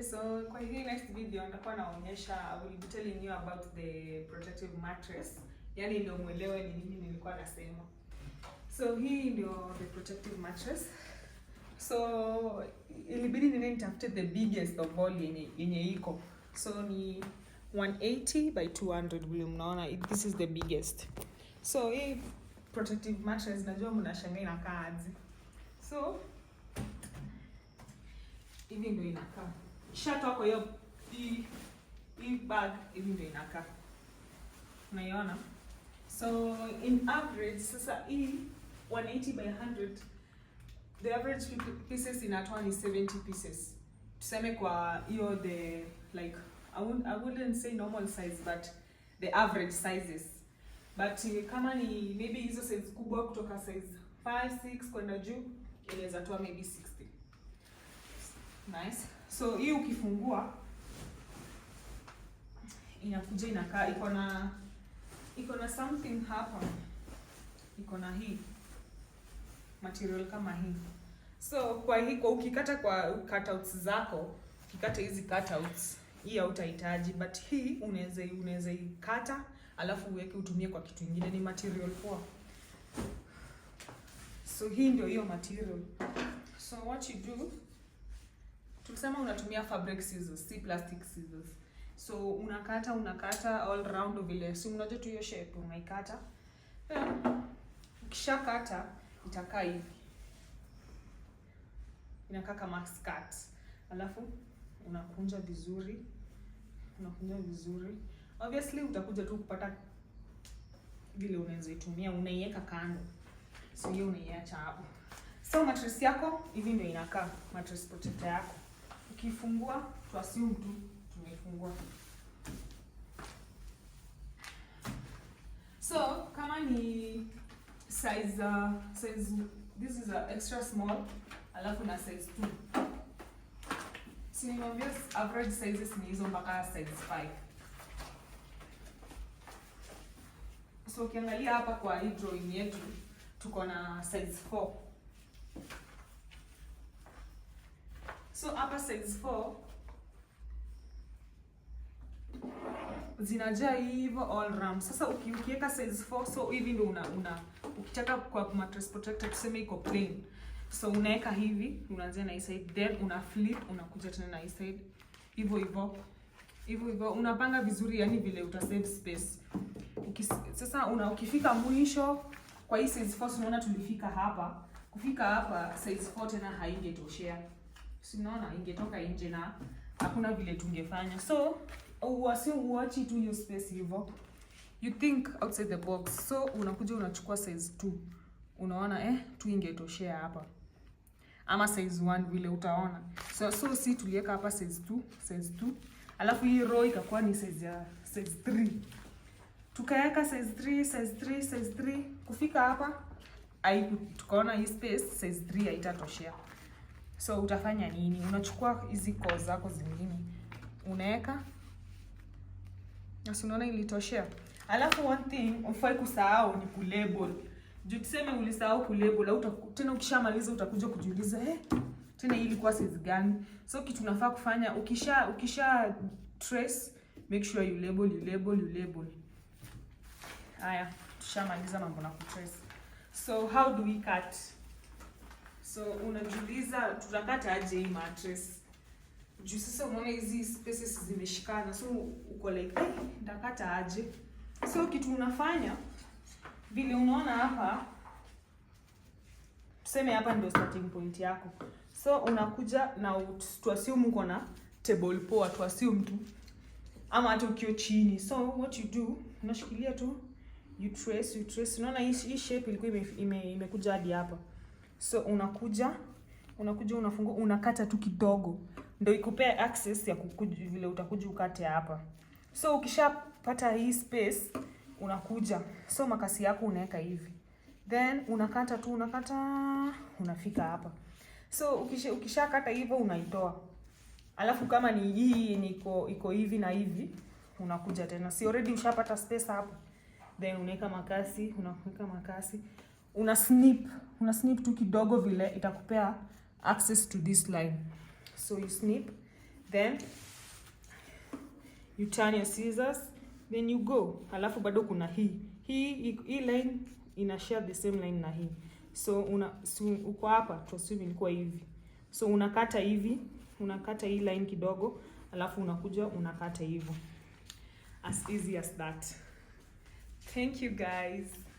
Okay, so kwa hii next video nitakuwa naonyesha, I will be telling you about the protective mattress, yaani ndio mwelewe ni nini nilikuwa nasema. So hii ndio the protective mattress. So ilibidi nini nitafute the biggest of all yenye yenye iko. So ni 180 by 200 vile mnaona, this is the biggest. So hii protective mattress najua mnashangaa inakaa aje. So hivi ndio inakaa. Ishatoa kwa hiyo hii bag hivi ndio inakaa. Unaiona? So in average sasa hii 180 by 100 the average pieces inatoa ni 70 pieces. Tuseme kwa hiyo the like I wouldn't, I wouldn't say normal size but the average sizes. But eh, kama ni maybe hizo size kubwa kutoka size 5 6 kwenda juu inaweza toa maybe 60. Nice. So hii ukifungua inakuja inakaa iko na iko na something hapa, iko na hii material kama hii. So kwa hii kwa ukikata kwa cutouts zako, ukikata hizi cutouts, hii hautahitaji, but hii unaweza unaweza ikata alafu uweke utumie kwa kitu kingine, ni material poa. So hii ndio hiyo material. So what you do tulisema unatumia fabric scissors, si plastic scissors. So unakata unakata all round vile, si unajua tu hiyo shape unaikata. Eh, kata itakaa hivi, inakaa kama skirt, alafu unakunja vizuri, unakunja vizuri. Obviously utakuja tu kupata vile unaweza itumia, unaiweka kando, so hiyo unaiacha hapo. So matress yako hivi ndio inakaa matress protector yako tukifungua twasium tu tumefungua. So kama ni size uh, size this is a extra small, alafu na size 2 si nimeambia average sizes ni hizo mpaka size 5. So ukiangalia hapa kwa hii drawing yetu tuko na size 4 So hapa size 4 zinajaa hivyo all ram. Sasa ukiweka size 4 so hivi ndio una, una ukitaka kwa mattress protector tuseme iko plain. So unaweka hivi, unaanzia na hii side then una flip unakuja tena na hii side. Hivyo hivyo. Hivyo hivyo unapanga vizuri yani vile uta save space. Ukis, sasa una ukifika mwisho kwa hii size 4 unaona tulifika hapa. Kufika hapa size 4 tena haingetoshea sinaona ingetoka nje na hakuna vile tungefanya, so wasio uachi tu hiyo space hivyo, you think outside the box. So unakuja unachukua size 2 unaona eh, tu ingetoshea hapa ama size 1 vile utaona. So, so si tuliweka hapa size 2, size 2. Alafu hii row ikakuwa ni size ya size 3. Tukaweka size 3, size 3, size 3 kufika hapa ai, tukaona hii space size 3 haitatoshea. So utafanya nini? Unachukua hizi koo zako zingine unaweka, nasi, unaona ilitoshea. Alafu one thing ufai kusahau ni kulabel juu tuseme ulisahau kulabel au tena ukishamaliza utakuja kujiuliza eh, tena hii ilikuwa size gani? So kitu unafaa kufanya ukisha ukisha trace, make sure you label, you label, you label. Haya, tushamaliza mambo na kutrace. So how do we cut? So unajiuliza tutapata aje hii mattress? Juu sasa unaona hizi spaces zimeshikana, so uko like eh, nitapata aje? So kitu unafanya vile unaona hapa, tuseme hapa ndio starting point yako. So unakuja na tuasiumu uko na table poa, tuasiumu mtu ama hata ukiwa chini. So what you do, unashikilia tu you trace, you trace. Unaona hii shape ilikuwa imekuja ime, ime hadi hapa So unakuja unakuja unafungua unakata tu kidogo, ndio ikupea access ya kukuja vile utakuja ukate hapa. So ukishapata hii space unakuja, so makasi yako unaweka hivi, then unakata tu unakata, unafika hapa. So ukisha ukishakata hivyo unaitoa, alafu kama ni hii niko iko hivi na hivi, unakuja tena, si already ushapata space hapo, then unaweka makasi, unaweka makasi una snip una snip tu kidogo vile itakupea access to this line so you snip then you turn your scissors then you go alafu bado kuna hii hii hii line ina share the same line na hii so una uko hapa tuassume ilikuwa hivi so unakata hivi unakata hii line kidogo alafu unakuja unakata hivyo as easy as that thank you guys